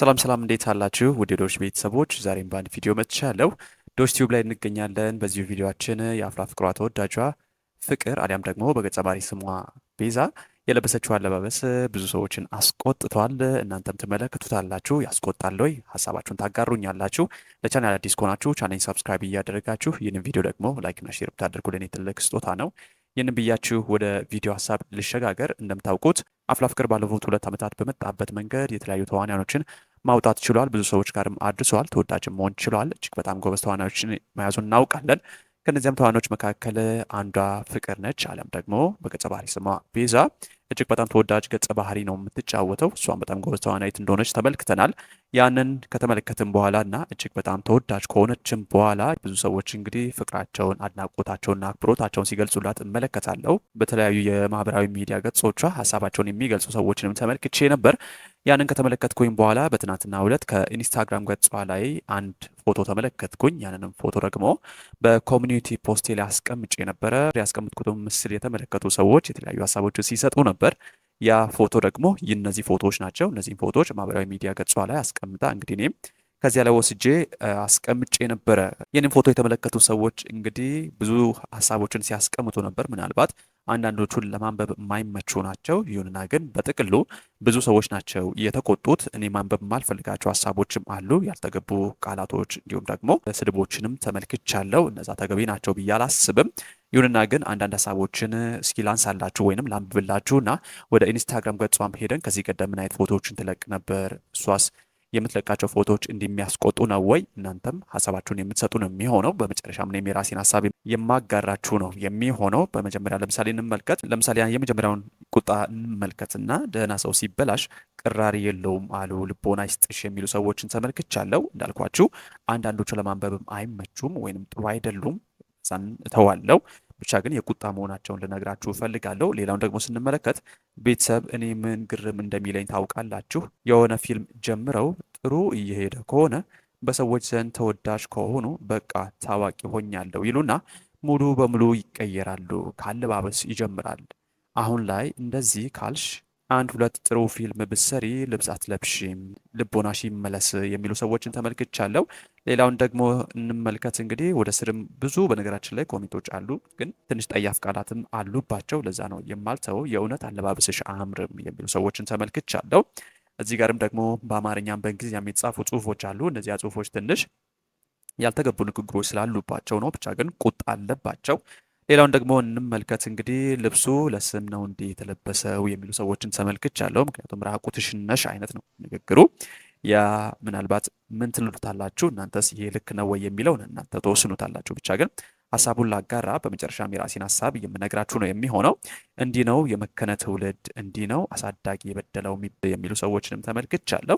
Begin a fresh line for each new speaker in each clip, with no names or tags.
ሰላም ሰላም፣ እንዴት አላችሁ? ውድ ዶች ቤተሰቦች ዛሬም በአንድ ቪዲዮ መጥቻለሁ። ዶች ቲዩብ ላይ እንገኛለን። በዚሁ ቪዲዮችን የአፍላ ፍቅሯ ተወዳጇ ፍቅር አሊያም ደግሞ በገጸ ባህሪ ስሟ ቤዛ የለበሰችው አለባበስ ብዙ ሰዎችን አስቆጥቷል። እናንተም ትመለከቱታላችሁ። ያስቆጣል ወይ? ሀሳባችሁን ታጋሩኛላችሁ። ለቻናል አዲስ ከሆናችሁ ቻናል ሰብስክራይብ እያደረጋችሁ ይህንን ቪዲዮ ደግሞ ላይክና ሼር ብታደርጉ ለእኔ ትልቅ ስጦታ ነው። ይህንን ብያችሁ ወደ ቪዲዮ ሀሳብ ልሸጋገር። እንደምታውቁት አፍላ ፍቅር ባለፉት ሁለት ዓመታት በመጣበት መንገድ የተለያዩ ተዋንያኖችን ማውጣት ችሏል። ብዙ ሰዎች ጋርም አድርሰዋል። ተወዳጅ መሆን ችሏል። እጅግ በጣም ጎበዝ ተዋናዮችን መያዙን እናውቃለን። ከነዚያም ተዋናዮች መካከል አንዷ ፍቅር ነች። አለም ደግሞ በገጸ ባህሪ ስሟ ቤዛ እጅግ በጣም ተወዳጅ ገጸ ባህሪ ነው የምትጫወተው። እሷም በጣም ጎበዝ ተዋናይት እንደሆነች ተመልክተናል። ያንን ከተመለከትን በኋላ እና እጅግ በጣም ተወዳጅ ከሆነችም በኋላ ብዙ ሰዎች እንግዲህ ፍቅራቸውን፣ አድናቆታቸውንና አክብሮታቸውን ሲገልጹላት እመለከታለሁ። በተለያዩ የማህበራዊ ሚዲያ ገጾቿ ሀሳባቸውን የሚገልጹ ሰዎችንም ተመልክቼ ነበር። ያንን ከተመለከትኩኝ በኋላ በትናንትናው ዕለት ከኢንስታግራም ገጿ ላይ አንድ ፎቶ ተመለከትኩኝ። ያንንም ፎቶ ደግሞ በኮሚኒቲ ፖስቴ ላይ አስቀምጬ ነበረ። ያስቀምጥኩትም ምስል የተመለከቱ ሰዎች የተለያዩ ሀሳቦችን ሲሰጡ ነበር። ያ ፎቶ ደግሞ እነዚህ ፎቶዎች ናቸው። እነዚህም ፎቶዎች ማህበራዊ ሚዲያ ገጿ ላይ አስቀምጣ እንግዲህ እኔም ከዚያ ላይ ወስጄ አስቀምጬ ነበረ። ይህንም ፎቶ የተመለከቱ ሰዎች እንግዲህ ብዙ ሀሳቦችን ሲያስቀምጡ ነበር። ምናልባት አንዳንዶቹን ለማንበብ የማይመቹ ናቸው። ይሁንና ግን በጥቅሉ ብዙ ሰዎች ናቸው የተቆጡት። እኔ ማንበብ የማልፈልጋቸው ሀሳቦችም አሉ፣ ያልተገቡ ቃላቶች እንዲሁም ደግሞ ስድቦችንም ተመልክቻለሁ። እነዛ ተገቢ ናቸው ብዬ አላስብም። ይሁንና ግን አንዳንድ ሀሳቦችን እስኪ ላንሳላችሁ ወይንም ላንብብላችሁ እና ወደ ኢንስታግራም ገጿም ሄደን ከዚህ ቀደም ምን አይነት ፎቶዎችን ትለቅ ነበር እሷስ የምትለቃቸው ፎቶዎች እንደሚያስቆጡ ነው ወይ? እናንተም ሀሳባችሁን የምትሰጡ ነው የሚሆነው። በመጨረሻ ምንም የራሴን ሀሳብ የማጋራችሁ ነው የሚሆነው። በመጀመሪያ ለምሳሌ እንመልከት። ለምሳሌ የመጀመሪያውን ቁጣ እንመልከትና ደህና ሰው ሲበላሽ ቅራሪ የለውም አሉ ልቦና ይስጥሽ የሚሉ ሰዎችን ተመልክቻለሁ። እንዳልኳችሁ አንዳንዶቹ ለማንበብም አይመቹም ወይንም ጥሩ አይደሉም። ዛን እተዋለው ብቻ ግን የቁጣ መሆናቸውን ልነግራችሁ እፈልጋለሁ። ሌላውን ደግሞ ስንመለከት ቤተሰብ እኔ ምን ግርም እንደሚለኝ ታውቃላችሁ። የሆነ ፊልም ጀምረው ጥሩ እየሄደ ከሆነ በሰዎች ዘንድ ተወዳጅ ከሆኑ በቃ ታዋቂ ሆኛለሁ ይሉና ሙሉ በሙሉ ይቀየራሉ። ካለባበስ ይጀምራል። አሁን ላይ እንደዚህ ካልሽ አንድ ሁለት ጥሩ ፊልም ብሰሪ ልብስ አትለብሽም፣ ልቦናሽ ይመለስ የሚሉ ሰዎችን ተመልክቻለሁ። ሌላውን ደግሞ እንመልከት። እንግዲህ ወደ ስርም ብዙ በነገራችን ላይ ኮሜንቶች አሉ፣ ግን ትንሽ ጠያፍ ቃላትም አሉባቸው። ለዛ ነው የማልተው የእውነት አለባበስሽ አምርም የሚሉ ሰዎችን ተመልክቻለሁ። እዚህ ጋርም ደግሞ በአማርኛም በእንግሊዝኛም የተጻፉ ጽሁፎች አሉ። እነዚያ ጽሁፎች ትንሽ ያልተገቡ ንግግሮች ስላሉባቸው ነው፣ ብቻ ግን ቁጣ አለባቸው። ሌላውን ደግሞ እንመልከት። እንግዲህ ልብሱ ለስም ነው እንዲህ የተለበሰው የሚሉ ሰዎችን ተመልክቻለሁ። ምክንያቱም ራቁትሽን አይነት ነው ንግግሩ። ያ ምናልባት ምን ትልሉታላችሁ እናንተስ ይሄ ልክ ነው ወይ የሚለውን እናንተ ተወስኑታላችሁ። ብቻ ግን ሀሳቡን ላጋራ፣ በመጨረሻም የራሴን ሀሳብ የምነግራችሁ ነው የሚሆነው። እንዲህ ነው የመከነ ትውልድ፣ እንዲህ ነው አሳዳጊ የበደለው የሚሉ ሰዎችንም ተመልክቻለሁ።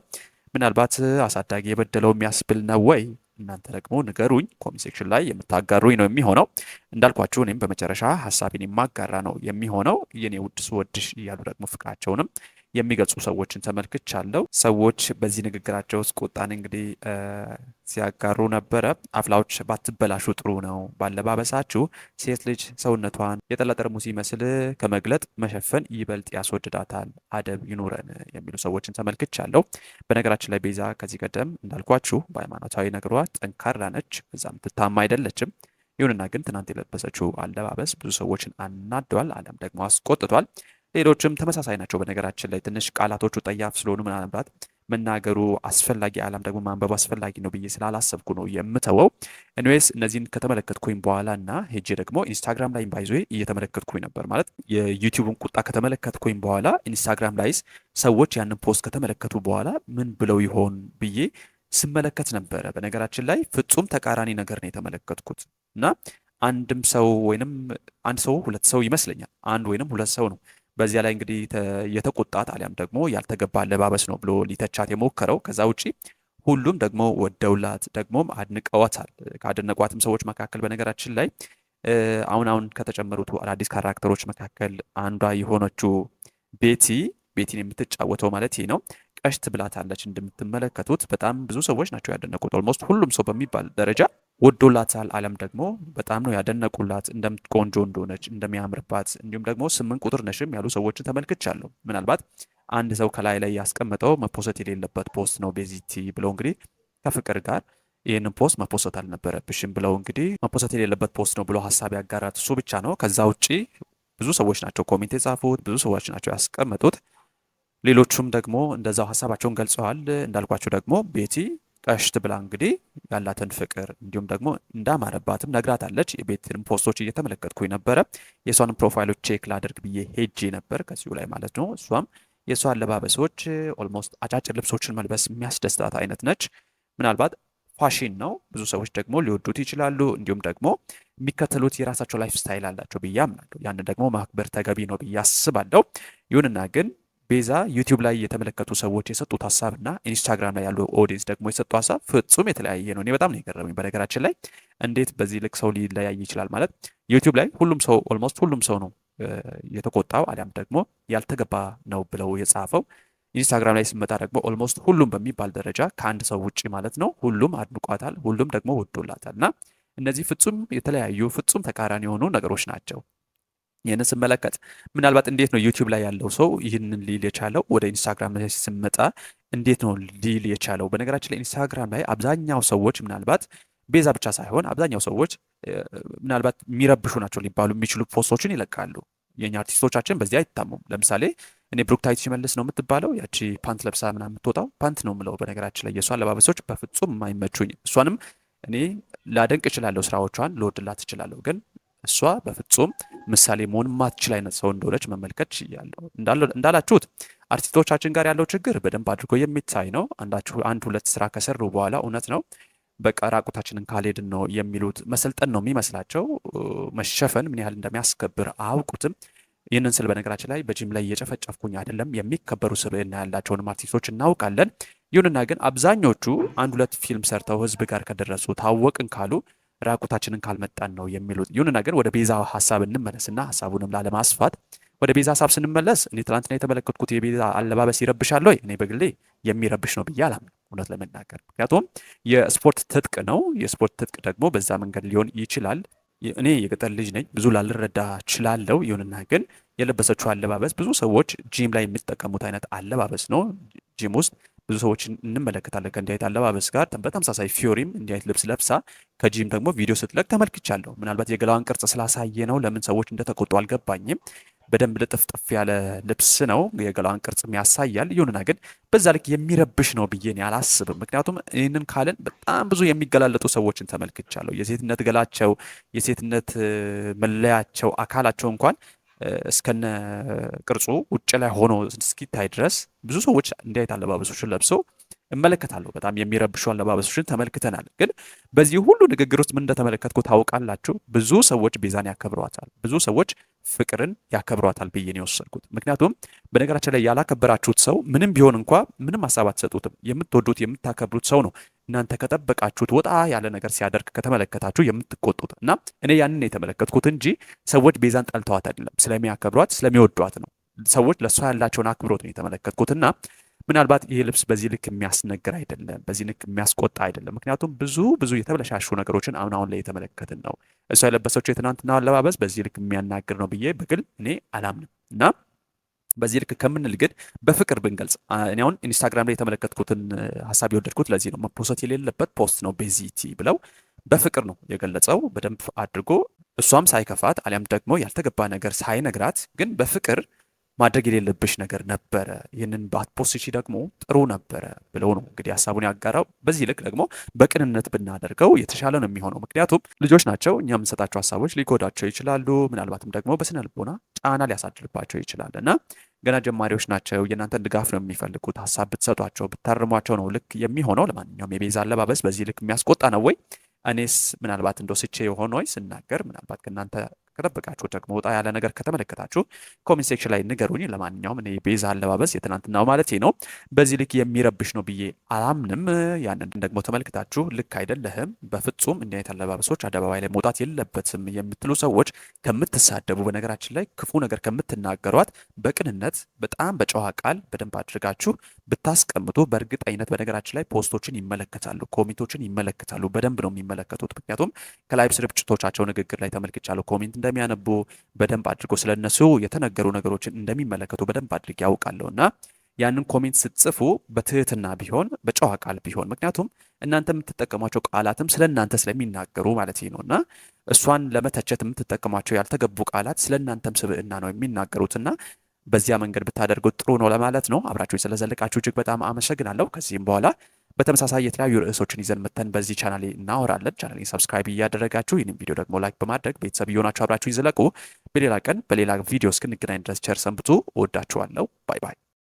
ምናልባት አሳዳጊ የበደለው የሚያስብል ነው ወይ? እናንተ ደግሞ ንገሩኝ። ኮሜንት ሴክሽን ላይ የምታጋሩኝ ነው የሚሆነው። እንዳልኳችሁ እኔም በመጨረሻ ሀሳቤን የማጋራ ነው የሚሆነው። የኔ ውድ ስወድሽ እያሉ ደግሞ ፍቅራቸውንም የሚገልጹ ሰዎችን ተመልክቻለሁ። ሰዎች በዚህ ንግግራቸው ውስጥ ቁጣን እንግዲህ ሲያጋሩ ነበረ። አፍላዎች ባትበላሹ ጥሩ ነው፣ ባለባበሳችሁ ሴት ልጅ ሰውነቷን የጠላ ጠርሙስ ይመስል ከመግለጥ መሸፈን ይበልጥ ያስወድዳታል፣ አደብ ይኑረን የሚሉ ሰዎችን ተመልክቻለሁ። በነገራችን ላይ ቤዛ ከዚህ ቀደም እንዳልኳችሁ በሃይማኖታዊ ነገሯ ጠንካራ ነች፣ በዛም ትታማ አይደለችም። ይሁንና ግን ትናንት የለበሰችው አለባበስ ብዙ ሰዎችን አናደዋል፣ አለም ደግሞ አስቆጥቷል። ሌሎችም ተመሳሳይ ናቸው። በነገራችን ላይ ትንሽ ቃላቶቹ ጠያፍ ስለሆኑ ምናልባት መናገሩ አስፈላጊ አላም ደግሞ ማንበቡ አስፈላጊ ነው ብዬ ስላላሰብኩ ነው የምተወው። ኤኒዌይስ እነዚህን ከተመለከትኩኝ በኋላ እና ሄጄ ደግሞ ኢንስታግራም ላይ ባይዞ እየተመለከትኩኝ ነበር ማለት የዩቲዩብን ቁጣ ከተመለከትኩኝ በኋላ ኢንስታግራም ላይስ ሰዎች ያንን ፖስት ከተመለከቱ በኋላ ምን ብለው ይሆን ብዬ ስመለከት ነበረ። በነገራችን ላይ ፍጹም ተቃራኒ ነገር ነው የተመለከትኩት እና አንድም ሰው ወይንም አንድ ሰው ሁለት ሰው ይመስለኛል አንድ ወይንም ሁለት ሰው ነው በዚያ ላይ እንግዲህ የተቆጣት አሊያም ደግሞ ያልተገባ አለባበስ ነው ብሎ ሊተቻት የሞከረው። ከዛ ውጪ ሁሉም ደግሞ ወደውላት ደግሞም አድንቀዋታል። ካደነቋትም ሰዎች መካከል በነገራችን ላይ አሁን አሁን ከተጨመሩት አዳዲስ ካራክተሮች መካከል አንዷ የሆነችው ቤቲ ቤቲን የምትጫወተው ማለት ይህ ነው ቀሽት ብላታለች። እንደምትመለከቱት በጣም ብዙ ሰዎች ናቸው ያደነቁት። ኦልሞስት ሁሉም ሰው በሚባል ደረጃ ወዶላታል። አለም ደግሞ በጣም ነው ያደነቁላት እንደምትቆንጆ እንደሆነች እንደሚያምርባት፣ እንዲሁም ደግሞ ስምንት ቁጥር ነሽም ያሉ ሰዎችን ተመልክቻለሁ። ምናልባት አንድ ሰው ከላይ ላይ ያስቀመጠው መፖሰት የሌለበት ፖስት ነው ቤዚቲ ብለው እንግዲህ ከፍቅር ጋር ይህንን ፖስት መፖሰት አልነበረብሽም ብለው እንግዲህ መፖሰት የሌለበት ፖስት ነው ብሎ ሀሳብ ያጋራት እሱ ብቻ ነው። ከዛ ውጪ ብዙ ሰዎች ናቸው ኮሜንት የጻፉት፣ ብዙ ሰዎች ናቸው ያስቀመጡት። ሌሎቹም ደግሞ እንደዛው ሀሳባቸውን ገልጸዋል። እንዳልኳቸው ደግሞ ቤቲ ቀሽት ብላ እንግዲህ ያላትን ፍቅር እንዲሁም ደግሞ እንዳማረባትም ነግራታለች። የቤትን ፖስቶች እየተመለከትኩኝ ነበረ። የእሷን ፕሮፋይሎች ቼክ ላደርግ ብዬ ሄጄ ነበር ከዚሁ ላይ ማለት ነው። እሷም የእሷ አለባበሶች ኦልሞስት አጫጭር ልብሶችን መልበስ የሚያስደስታት አይነት ነች። ምናልባት ፋሽን ነው፣ ብዙ ሰዎች ደግሞ ሊወዱት ይችላሉ። እንዲሁም ደግሞ የሚከተሉት የራሳቸው ላይፍ ስታይል አላቸው ብዬ አምናለሁ። ያንን ደግሞ ማክበር ተገቢ ነው ብዬ አስባለሁ። ይሁንና ግን ቤዛ ዩቲዩብ ላይ የተመለከቱ ሰዎች የሰጡት ሀሳብ እና ኢንስታግራም ላይ ያሉ ኦዲየንስ ደግሞ የሰጡ ሀሳብ ፍጹም የተለያየ ነው። እኔ በጣም ነው የገረመኝ። በነገራችን ላይ እንዴት በዚህ ልክ ሰው ሊለያይ ይችላል? ማለት ዩቲዩብ ላይ ሁሉም ሰው ኦልሞስት ሁሉም ሰው ነው የተቆጣው አሊያም ደግሞ ያልተገባ ነው ብለው የጻፈው። ኢንስታግራም ላይ ስመጣ ደግሞ ኦልሞስት ሁሉም በሚባል ደረጃ ከአንድ ሰው ውጭ ማለት ነው ሁሉም አድንቋታል፣ ሁሉም ደግሞ ወዶላታል እና እነዚህ ፍጹም የተለያዩ ፍጹም ተቃራኒ የሆኑ ነገሮች ናቸው። ይህንን ስመለከት ምናልባት እንዴት ነው ዩቲዩብ ላይ ያለው ሰው ይህንን ሊል የቻለው ወደ ኢንስታግራም ላይ ስመጣ እንዴት ነው ሊል የቻለው? በነገራችን ላይ ኢንስታግራም ላይ አብዛኛው ሰዎች ምናልባት ቤዛ ብቻ ሳይሆን አብዛኛው ሰዎች ምናልባት የሚረብሹ ናቸው ሊባሉ የሚችሉ ፖስቶችን ይለቃሉ። የኛ አርቲስቶቻችን በዚህ አይታሙም። ለምሳሌ እኔ ታይት ሲመልስ ነው የምትባለው ያቺ ፓንት ለብሳ ምና የምትወጣው ፓንት ነው ምለው። በነገራችን ላይ የእሷ አለባበሶች በፍጹም የማይመቹኝ እሷንም እኔ ላደንቅ እችላለሁ፣ ስራዎቿን ልወድላት እችላለሁ። ግን እሷ በፍጹም ምሳሌ መሆን ማትችል አይነት ሰው እንደሆነች መመልከት ችያለሁ። እንዳላችሁት አርቲስቶቻችን ጋር ያለው ችግር በደንብ አድርጎ የሚታይ ነው። አንዳችሁ አንድ ሁለት ስራ ከሰሩ በኋላ እውነት ነው በቃ ራቁታችንን ካልሄድን ነው የሚሉት። መሰልጠን ነው የሚመስላቸው። መሸፈን ምን ያህል እንደሚያስከብር አያውቁትም። ይህንን ስል በነገራችን ላይ በጂም ላይ እየጨፈጨፍኩኝ አይደለም። የሚከበሩ ስብዕና ያላቸውንም አርቲስቶች እናውቃለን። ይሁንና ግን አብዛኞቹ አንድ ሁለት ፊልም ሰርተው ህዝብ ጋር ከደረሱ ታወቅን ካሉ ራቁታችንን ካልመጣን ነው የሚሉት። ይሁንና ግን ወደ ቤዛ ሀሳብ እንመለስና ሀሳቡንም ላለማስፋት ወደ ቤዛ ሀሳብ ስንመለስ እኔ ትላንትና የተመለከትኩት የቤዛ አለባበስ ይረብሻል ወይ? እኔ በግሌ የሚረብሽ ነው ብዬ አላምንም፣ እውነት ለመናገር ምክንያቱም የስፖርት ትጥቅ ነው። የስፖርት ትጥቅ ደግሞ በዛ መንገድ ሊሆን ይችላል። እኔ የገጠር ልጅ ነኝ፣ ብዙ ላልረዳ ችላለው። ይሁንና ግን የለበሰችው አለባበስ ብዙ ሰዎች ጂም ላይ የሚጠቀሙት አይነት አለባበስ ነው ጂም ውስጥ ብዙ ሰዎችን እንመለከታለን ከእንዲህ አይነት አለባበስ ጋር። በተመሳሳይ ፊዮሪም እንዲህ አይነት ልብስ ለብሳ ከጂም ደግሞ ቪዲዮ ስትለቅ ተመልክቻለሁ። ምናልባት የገላዋን ቅርጽ ስላሳየ ነው ለምን ሰዎች እንደተቆጡ አልገባኝም። በደንብ ልጥፍጥፍ ያለ ልብስ ነው፣ የገላዋን ቅርጽም ያሳያል። ይሁንና ግን በዛ ልክ የሚረብሽ ነው ብዬ እኔ አላስብም። ምክንያቱም ይህንን ካልን በጣም ብዙ የሚገላለጡ ሰዎችን ተመልክቻለሁ። የሴትነት ገላቸው፣ የሴትነት መለያቸው፣ አካላቸው እንኳን እስከነ ቅርጹ ውጭ ላይ ሆኖ እስኪታይ ድረስ ብዙ ሰዎች እንዲያየት አለባበሶችን ለብሰው እመለከታለሁ። በጣም የሚረብሹ አለባበሶችን ተመልክተናል። ግን በዚህ ሁሉ ንግግር ውስጥ ምን እንደተመለከትኩ ታውቃላችሁ? ብዙ ሰዎች ቤዛን ያከብሯታል፣ ብዙ ሰዎች ፍቅርን ያከብሯታል ብዬ ነው የወሰድኩት። ምክንያቱም በነገራችን ላይ ያላከበራችሁት ሰው ምንም ቢሆን እንኳ ምንም ሀሳብ አትሰጡትም። የምትወዱት የምታከብሩት ሰው ነው እናንተ ከጠበቃችሁት ወጣ ያለ ነገር ሲያደርግ ከተመለከታችሁ የምትቆጡት እና እኔ ያንን የተመለከትኩት እንጂ ሰዎች ቤዛን ጠልተዋት አይደለም። ስለሚያከብሯት ስለሚወዷት ነው። ሰዎች ለእሷ ያላቸውን አክብሮት ነው የተመለከትኩትና ምናልባት ይህ ልብስ በዚህ ልክ የሚያስነግር አይደለም፣ በዚህ ልክ የሚያስቆጣ አይደለም። ምክንያቱም ብዙ ብዙ የተበለሻሹ ነገሮችን አሁን አሁን ላይ የተመለከትን ነው። እሷ የለበሰችው የትናንትና አለባበስ በዚህ ልክ የሚያናግር ነው ብዬ በግል እኔ አላምንም እና በዚህ ልክ ከምንል ግን በፍቅር ብንገልጽ እኔ አሁን ኢንስታግራም ላይ የተመለከትኩትን ሀሳብ የወደድኩት ለዚህ ነው። መፖሰት የሌለበት ፖስት ነው ቤዚቲ ብለው በፍቅር ነው የገለጸው በደንብ አድርጎ እሷም ሳይከፋት አሊያም ደግሞ ያልተገባ ነገር ሳይነግራት ግን በፍቅር ማድረግ የሌለብሽ ነገር ነበረ፣ ይህንን ባትፖስቺ ደግሞ ጥሩ ነበረ ብለው ነው እንግዲህ ሀሳቡን ያጋራው። በዚህ ልክ ደግሞ በቅንነት ብናደርገው የተሻለ ነው የሚሆነው። ምክንያቱም ልጆች ናቸው፣ እኛ የምንሰጣቸው ሀሳቦች ሊጎዳቸው ይችላሉ፣ ምናልባትም ደግሞ በስነ ልቦና ጫና ሊያሳድርባቸው ይችላል እና ገና ጀማሪዎች ናቸው። የእናንተን ድጋፍ ነው የሚፈልጉት። ሀሳብ ብትሰጧቸው ብታርሟቸው ነው ልክ የሚሆነው። ለማንኛውም የቤዛ አለባበስ በዚህ ልክ የሚያስቆጣ ነው ወይ? እኔስ ምናልባት እንደ ስቼ የሆነ ወይ ስናገር ምናልባት ከእናንተ ከጠበቃችሁ ደግሞ ወጣ ያለ ነገር ከተመለከታችሁ ኮሜንት ሴክሽን ላይ ንገሩኝ። ለማንኛውም እኔ ቤዛ አለባበስ የትናንትናው ማለት ነው በዚህ ልክ የሚረብሽ ነው ብዬ አላምንም። ያንን ደግሞ ተመልክታችሁ ልክ አይደለህም፣ በፍጹም እንዲህ አይነት አለባበሶች አደባባይ ላይ መውጣት የለበትም የምትሉ ሰዎች ከምትሳደቡ፣ በነገራችን ላይ ክፉ ነገር ከምትናገሯት በቅንነት በጣም በጨዋ ቃል በደንብ አድርጋችሁ ብታስቀምጡ በእርግጠኝነት በነገራችን ላይ ፖስቶችን ይመለከታሉ፣ ኮሜንቶችን ይመለከታሉ። በደንብ ነው የሚመለከቱት። ምክንያቱም ከላይቭ ስርጭቶቻቸው ንግግር ላይ ተመልክቻለሁ ኮሜንት እንደሚያነቡ በደንብ አድርጎ ስለነሱ የተነገሩ ነገሮችን እንደሚመለከቱ በደንብ አድርጌ ያውቃለሁና ያንን ኮሜንት ስትጽፉ በትህትና ቢሆን በጨዋ ቃል ቢሆን ምክንያቱም እናንተ የምትጠቀሟቸው ቃላትም ስለ እናንተ ስለሚናገሩ ማለት ነው እና እሷን ለመተቸት የምትጠቀሟቸው ያልተገቡ ቃላት ስለ እናንተም ስብዕና ነው የሚናገሩትና በዚያ መንገድ ብታደርጉት ጥሩ ነው ለማለት ነው። አብራችሁ ስለዘለቃችሁ እጅግ በጣም አመሰግናለሁ። ከዚህም በኋላ በተመሳሳይ የተለያዩ ርዕሶችን ይዘን መተን በዚህ ቻናል እናወራለን። ቻናሌን ሰብስክራይብ እያደረጋችሁ ይህንም ቪዲዮ ደግሞ ላይክ በማድረግ ቤተሰብ እየሆናችሁ አብራችሁ ይዘለቁ። በሌላ ቀን በሌላ ቪዲዮ እስክንገናኝ ድረስ ቸር ሰንብቱ። እወዳችኋለሁ። ባይ ባይ።